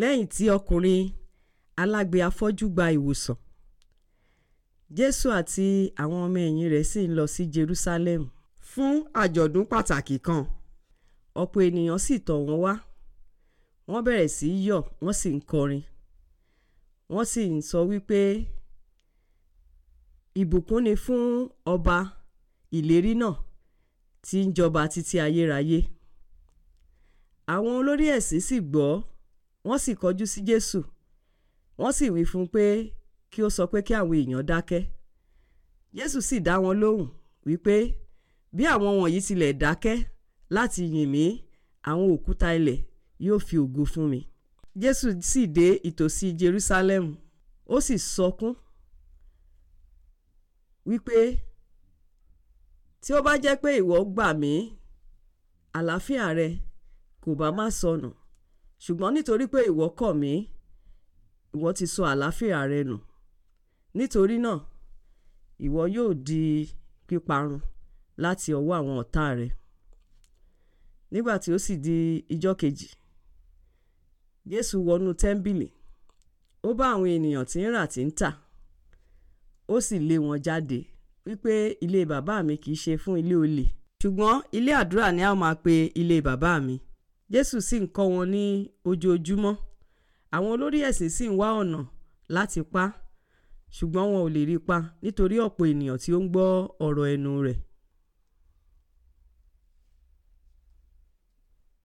lẹ́yìn tí ọkùnrin alágbe afọ́jú gba ìwòsàn jésù àti àwọn ọmọ ẹ̀yìn rẹ̀ sì ń lọ sí jerusalem fún àjọ̀dún pàtàkì kan ọ̀pọ̀ ènìyàn sì tọ̀ wọ́n wá wọ́n bẹ̀rẹ̀ sí í yọ̀ wọ́n sì ń kọrin wọ́n sì ń sọ wípé ìbùkún ni fún ọba ìlérí náà tí ń jọba títí ayérayé àwọn olórí ẹ̀sìn sì gbọ́ wọ́n sì kọjú sí Jésù wọ́n sì wí fún un pé kí ó sọ pé kí àwọn èèyàn dákẹ́ Jésù sì dá wọn lóhùn wípé bí àwọn wọ̀nyí tilẹ̀ dákẹ́ láti yìn mí àwọn òkúta ilẹ̀ yóò fi ògo fún mi Jésù sì dé ìtòsí Jerusalem ó sì sọkún wípé tí ó bá jẹ́ pé ìwọ gbà mí àlàáfíà rẹ kò bá má sọnù ṣùgbọ́n nítorí pé ìwọ kọ̀ mí ìwọ ti sọ àlàáfíà rẹ nù nítorí náà ìwọ yóò di píparun láti ọwọ́ àwọn ọ̀tá rẹ nígbà tí ó sì di ijọ́ kejì Jésù wọnú tẹ́ḿbìlì ó bá àwọn ènìyàn tí ń rà tí ń tà ó sì lé wọn jáde wípé ilé bàbá mi kì í ṣe fún ilé olè ṣùgbọ́n ilé àdúrà ni a máa pe ilé bàbá mi jésù sì ń kọ́ wọn ní ojoojúmọ́ àwọn olórí ẹ̀sìn sì ń wá ọ̀nà láti pa á ṣùgbọ́n wọn ò lè rí pa nítorí ọ̀pọ̀ ènìyàn tí ó ń gbọ́ ọ̀rọ̀ ẹnu rẹ̀